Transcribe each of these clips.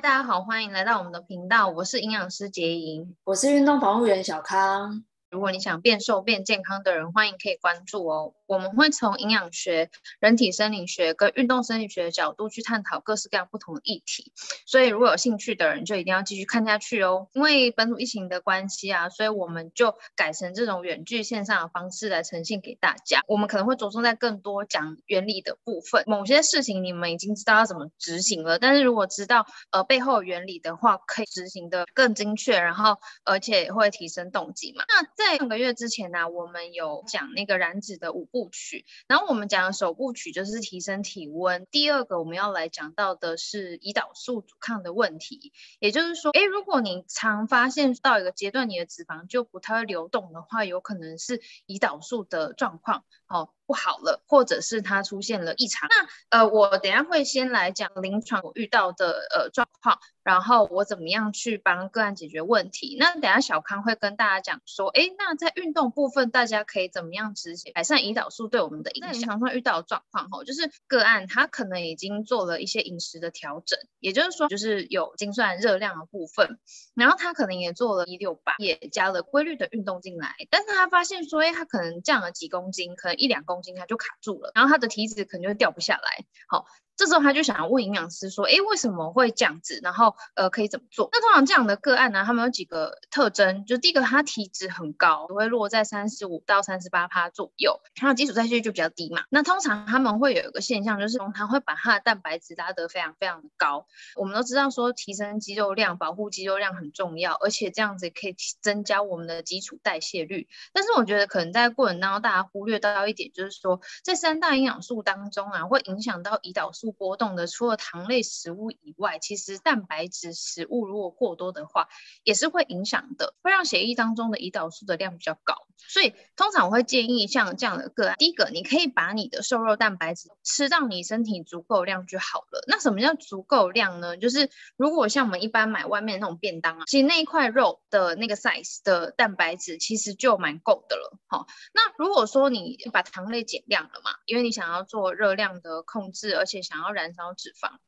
大家好，歡迎來到我們的頻道。我是營養師杰瑩，我是運動防護員小康。如果你想變瘦、變健康的人，歡迎可以關注哦。我們會從營養學、人體生理學跟運動生理學的角度去探討各式各樣不同的議題，所以如果有興趣的人就一定要繼續看下去哦。因為本土疫情的關係啊，所以我們就改成這種遠距線上的方式來呈現給大家。我們可能會着重在更多講原理的部分，某些事情你們已經知道要怎麼執行了，但是如果知道呃背後原理的話，可以執行的更精確，然後而且會提升動機嘛。那在兩個月之前呢、啊，我們有講那個燃脂的五。部曲，然後我們講的首部曲就是提升體溫。第二個我們要來講到的是胰島素阻抗的問題，也就是說，哎，如果你常發現到一個階段，你的脂肪就不太會流動的話，有可能是胰島素的狀況。好、哦。不好了，或者是它出現了異常。那呃，我等下會先來講臨床我遇到的呃狀況，然後我怎麼樣去幫個案解決問題。那等下小康會跟大家講說，哎，那在運動部分大家可以怎麼樣執行改善胰島素對我們的影響？常常遇到的狀況吼、哦，就是個案他可能已經做了一些飲食的調整，也就是說就是有精算熱量的部分，然後他可能也做了一六八，也加了規律的運動進來，但是他發現說，哎，他可能降了幾公斤，可能一兩公斤。它就卡住了，然後它的體脂可能就會掉不下來。好。這時候他就想要問營養師說：“誒，為什麼會這樣子，然後呃，可以怎麼做？”那通常這樣的個案呢，他們有幾個特徵，就第一個，他體脂很高，會落在三十五到三十八趴左右，他的基礎代謝率就比較低嘛。那通常他們會有一個現象，就是他會把他的蛋白質拉得非常非常的高。我們都知道說，提升肌肉量、保護肌肉量很重要，而且這樣子也可以增加我們的基礎代謝率。但是我覺得可能在過程當中，大家忽略到一點，就是說，在三大營養素當中啊，會影響到胰島素。不波動的，除了糖類食物以外，其實蛋白質食物如果過多的話，也是會影響的，會讓血液當中的胰島素的量比較高。所以通常我會建議像這樣的個案，第一個，你可以把你的瘦肉蛋白質吃到你身體足夠量就好了。那什麼叫足夠量呢？就是如果像我們一般買外面那種便當啊，其實那一塊肉的那個 size 的蛋白質其實就蠻夠的了，哈。那如果說你把糖類減量了嘛，因為你想要做熱量的控制，而且想要燃燒脂肪。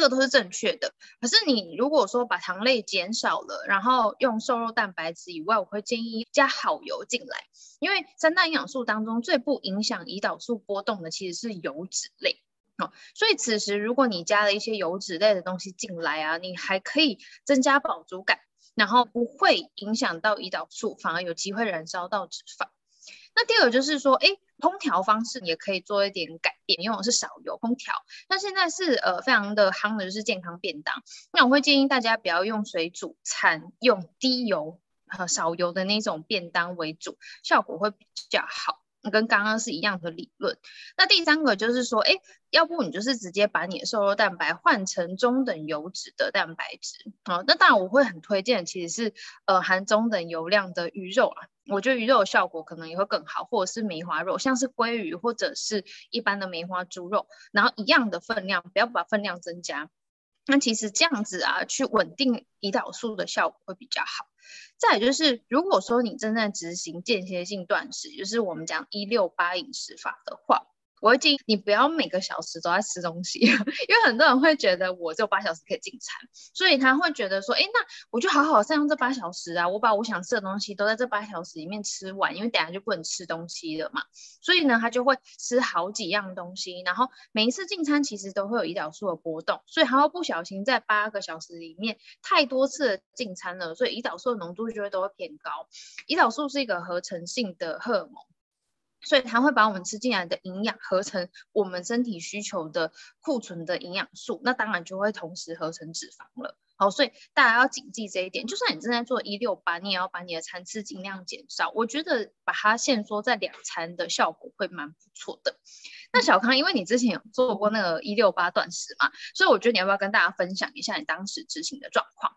這個都是正確的，可是你如果說把糖類減少了，然後用瘦肉蛋白質以外，我會建議加好油進來，因為三大營養素當中最不影響胰島素波動的其實是油脂類哦，所以此時如果你加了一些油脂類的東西進來啊，你還可以增加飽足感，然後不會影響到胰島素，反而有機會燃燒到脂肪。那第二個就是說，哎、欸，烹調方式也可以做一點改變，因為我是少油烹調，那現在是，呃，非常的夯的就是健康便當，那我會建議大家不要用水煮餐，用低油和，呃、少油的那種便當為主，效果會比較好。跟剛剛是一樣的理論，那第三個就是說，哎，要不你就是直接把你的瘦肉蛋白換成中等油脂的蛋白質啊。那當然我會很推薦，其實是呃含中等油量的魚肉啊，我覺得魚肉的效果可能也會更好，或者是梅花肉，像是鮭魚或者是一般的梅花豬肉，然後一樣的分量，不要把分量增加。那其實這樣子啊，去穩定胰島素的效果會比較好。再有就是，如果說你正在執行間歇性斷食，就是我們講一六八飲食法的話。我會建議，你不要每個小時都在吃東西，因為很多人會覺得我只有八小時可以進餐，所以他會覺得說，哎，那我就好好善用這八小時啊，我把我想吃的東西都在這八小時裡面吃完，因為等下就不能吃東西了嘛。所以呢，他就會吃好幾樣東西，然後每一次進餐其實都會有胰島素的波動，所以他會不小心在八個小時裡面太多次的進餐了，所以胰島素的濃度就會都會偏高。胰島素是一個合成性的荷爾蒙。所以它會把我們吃進來的營養合成我們身體需求的庫存的營養素，那當然就會同時合成脂肪了。好，所以大家要謹記這一點，就算你正在做一六八，你也要把你的餐次盡量減少。我覺得把它限縮在兩餐的效果會蠻不錯的。那小康，因為你之前有做過那個一六八斷食嘛，所以我覺得你要不要跟大家分享一下你當時執行的狀況？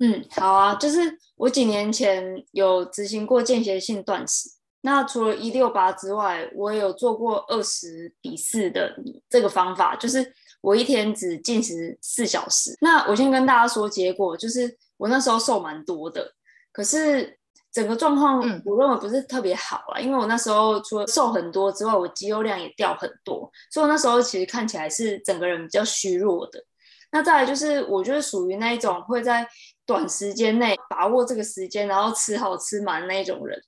嗯，好啊，就是我幾年前有執行過間歇性斷食。那除了一六八之外，我也有做過二十比四的這個方法，就是我一天只進食四小時。那我先跟大家說，結果就是我那時候瘦蠻多的，可是整個狀況我認為不是特別好了啊，嗯，因為我那時候除了瘦很多之外，我肌肉量也掉很多，所以我那時候其實看起來是整個人比較虛弱的。那再來就是，我覺得屬於那一種會在。短時間內把握這個時間，然後吃好吃滿那種人，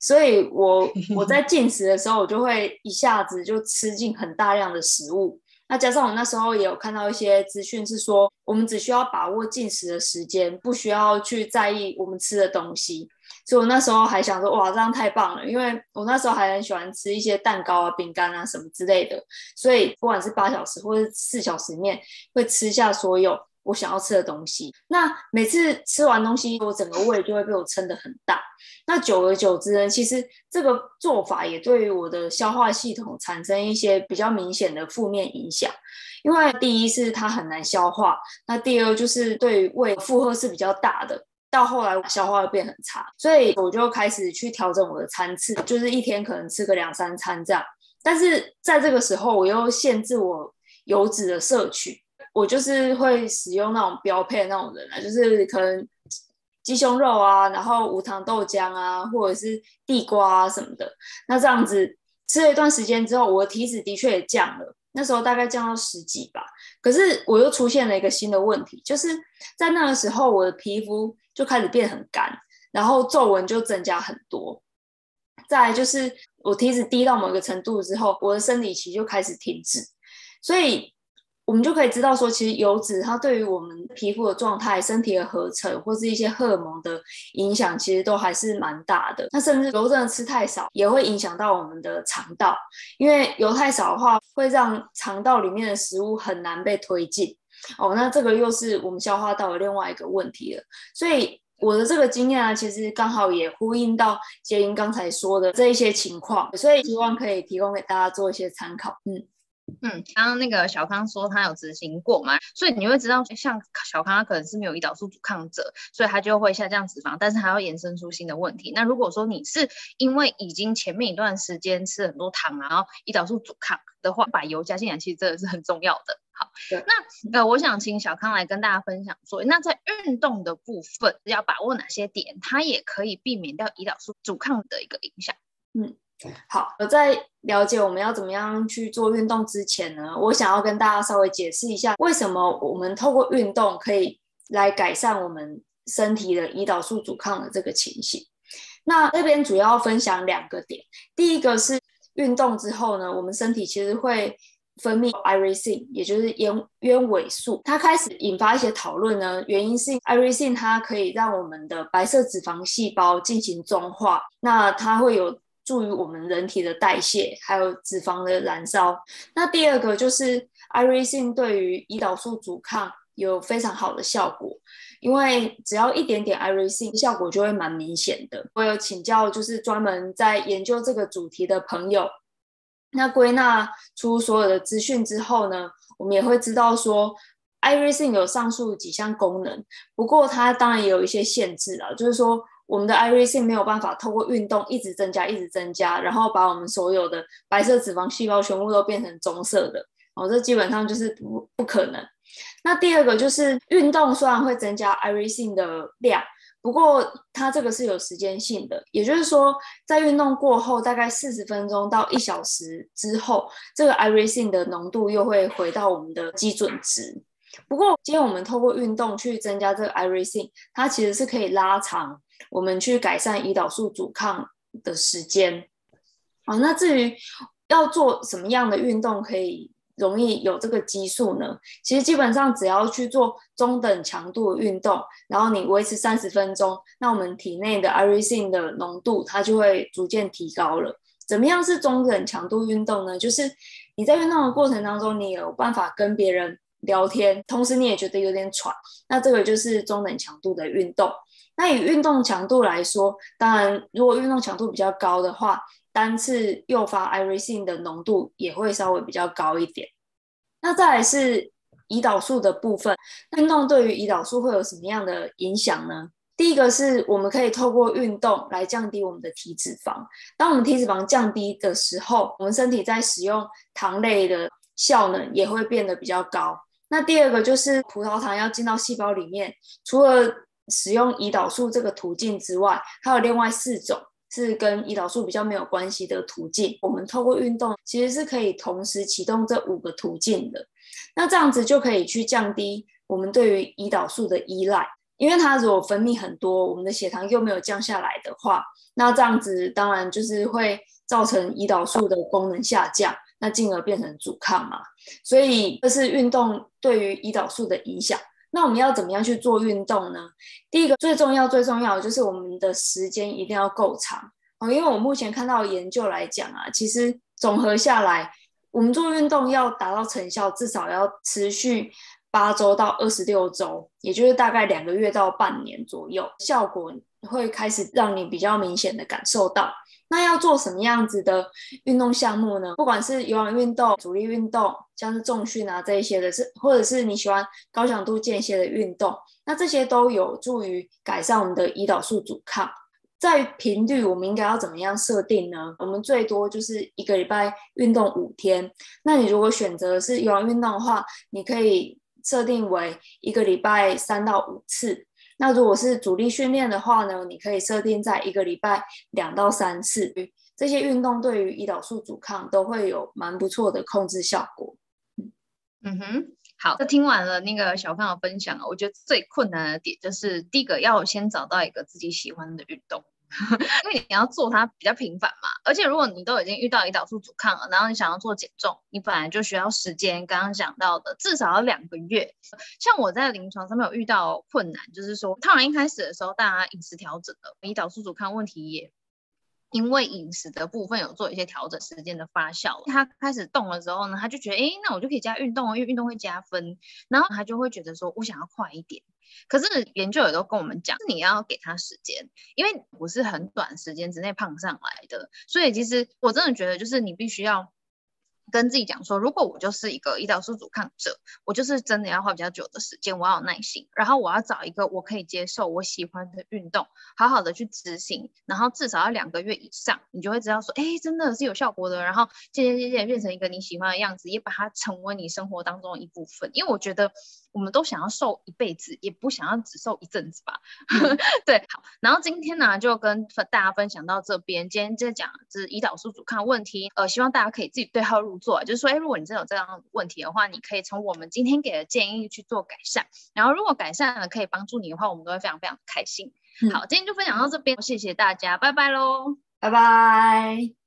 所以我 我在進食的時候，我就會一下子就吃進很大量的食物。那加上我那時候也有看到一些資訊是說，我們只需要把握進食的時間，不需要去在意我們吃的東西。所以我那時候還想說，哇，這樣太棒了，因為我那時候還很喜歡吃一些蛋糕啊、餅乾啊什麼之類的。所以不管是八小時或者四小時裡面，會吃下所有。我想要吃的東西，那每次吃完東西，我整個胃就會被我撐得很大。那久而久之呢，其實這個做法也對於我的消化系統產生一些比較明顯的負面影響。因為第一是它很難消化，那第二就是對於胃負荷是比較大的。到後來消化又變很差，所以我就開始去調整我的餐次，就是一天可能吃個兩三餐這樣。但是在這個時候，我又限制我油脂的攝取。我就是會使用那種標配的那種人啦、啊，就是可能雞胸肉啊，然後無糖豆漿啊，或者是地瓜啊什麼的。那這樣子吃了一段時間之後，我的體脂的確也降了，那時候大概降到十幾吧。可是我又出現了一個新的問題，就是在那個時候，我的皮膚就開始變很乾，然後皺紋就增加很多。再來就是我體脂低到某個程度之後，我的生理期就開始停止，所以。我們就可以知道說，其實油脂它對於我們皮膚的狀態、身體的合成或是一些荷爾蒙的影響，其實都還是蠻大的。那甚至油脂的吃太少，也會影響到我們的腸道，因為油太少的話，會讓腸道裡面的食物很難被推進。哦，那這個又是我們消化道的另外一個問題了。所以我的這個經驗啊，其實剛好也呼應到杰英剛才說的這一些情況，所以希望可以提供給大家做一些參考。嗯。嗯，剛剛那個小康說他有執行過嘛，所以你會知道，像小康他可能是沒有胰島素阻抗者，所以他就會下降脂肪，但是還要衍生出新的問題。那如果說你是因為已經前面一段時間吃很多糖，然後胰島素阻抗的話，把油加進來，其實這個是很重要的。好，對那呃，我想請小康來跟大家分享，所以那在運動的部分，要把握哪些點，它也可以避免掉胰島素阻抗的一個影響。嗯。好，我在了解我們要怎麼樣去做運動之前呢，我想要跟大家稍微解釋一下，為什麼我們透過運動可以來改善我們身體的胰島素阻抗的這個情形。那這邊主要分享兩個點，第一個是運動之後呢，我們身體其實會分泌 irisin，也就是鳶鳶尾素，它開始引發一些討論呢，原因是 irisin 它可以讓我們的白色脂肪細胞進行中化，那它會有。助於我們人體的代謝，還有脂肪的燃燒。那第二個就是 Irisin 對於胰島素阻抗有非常好的效果，因為只要一點點 Irisin 效果就會蠻明顯的。我有請教就是專門在研究這個主題的朋友，那歸納出所有的資訊之後呢，我們也會知道說 Irisin 有上述幾項功能，不過它當然也有一些限制了，就是說。我們的 irisin 沒有辦法透過運動一直增加，一直增加，然後把我們所有的白色脂肪細胞全部都變成棕色的，哦，這基本上就是不不可能。那第二個就是運動雖然會增加 irisin 的量，不過它這個是有時間性的，也就是說在運動過後大概四十分鐘到一小時之後，這個 irisin 的濃度又會回到我們的基準值。不過今天我們透過運動去增加這個 irisin，它其實是可以拉長我們去改善胰島素阻抗的時間。啊，那至於要做什麼樣的運動可以容易有這個激素呢？其實基本上只要去做中等強度的運動，然後你維持三十分鐘，那我們體內的 irisin 的濃度它就會逐漸提高了。怎麼樣是中等強度運動呢？就是你在運動的過程當中，你有辦法跟別人，聊天，同時你也覺得有點喘，那這個就是中等強度的運動。那以運動強度來說，當然如果運動強度比較高的話，單次誘發 Irisin 的濃度也會稍微比較高一點。那再來是胰島素的部分，運動對於胰島素會有什麼樣的影響呢？第一個是我們可以透過運動來降低我們的體脂肪，當我們體脂肪降低的時候，我們身體在使用糖類的效能也會變得比較高。那第二個就是葡萄糖要進到細胞裡面，除了使用胰島素這個途徑之外，還有另外四種是跟胰島素比較沒有關係的途徑。我們透過運動其實是可以同時啟動這五個途徑的。那這樣子就可以去降低我們對於胰島素的依賴，因為它如果分泌很多，我們的血糖又沒有降下來的話，那這樣子當然就是會造成胰島素的功能下降，那進而變成阻抗嘛。所以這是運動對於胰島素的影響。那我們要怎麼樣去做運動呢？第一個最重要、最重要，最重要的就是我們的時間一定要夠長哦。因為我目前看到研究來講啊，其實總和下來，我們做運動要達到成效，至少要持續八周到二十六周，也就是大概兩個月到半年左右，效果會開始讓你比較明顯的感受到。那要做什麼樣子的運動項目呢？不管是有氧運動、阻力運動，像是重訓啊，這一些的，是或者是你喜歡高強度間歇的運動，那這些都有助於改善我們的胰島素阻抗。在頻率，我們應該要怎麼樣設定呢？我們最多就是一個禮拜運動五天。那你如果選擇是有氧運動的話，你可以設定為一個禮拜三到五次。那如果是阻力訓練的話呢？你可以設定在一個禮拜兩到三次，這些運動對於胰島素阻抗都會有蠻不錯的控制效果。嗯哼，好，那聽完了那個小朋友分享，我覺得最困難的點就是第一個要先找到一個自己喜歡的運動。 因為你要做它比較頻繁嘛，而且如果你都已經遇到胰島素阻抗了，然後你想要做減重，你本來就需要時間。剛剛講到的，至少要兩個月。像我在臨床上面有遇到困難，就是說，當然一開始的時候，大家飲食調整了，胰島素阻抗問題也因為飲食的部分有做一些調整，時間的發酵，他開始動的時候呢，他就覺得，哎，那我就可以加運動啊，因為運動會加分，然後他就會覺得說我想要快一點。可是研究也都跟我們講，你要給他時間，因為我是很短時間之內胖上來的，所以其實我真的覺得，就是你必須要跟自己講說，如果我就是一個胰島素阻抗者，我就是真的要花比較久的時間，我要有耐心，然後我要找一個我可以接受、我喜歡的運動，好好的去執行，然後至少要兩個月以上，你就會知道說，誒，真的是有效果的，然後漸漸漸漸變成一個你喜歡的樣子，也把它成為你生活當中的一部分，因為我覺得。我們都想要瘦一輩子，也不想要只瘦一陣子吧。嗯、 對，好，然後今天呢、啊、就跟大家分享到這邊。今天就講就是胰島素阻抗問題，呃，希望大家可以自己對號入座。就是說，欸、如果你真的有這樣問題的話，你可以從我們今天給的建議去做改善。然後，如果改善了可以幫助你的話，我們都會非常非常開心。嗯、好，今天就分享到這邊，謝謝大家，拜拜嘍，拜拜。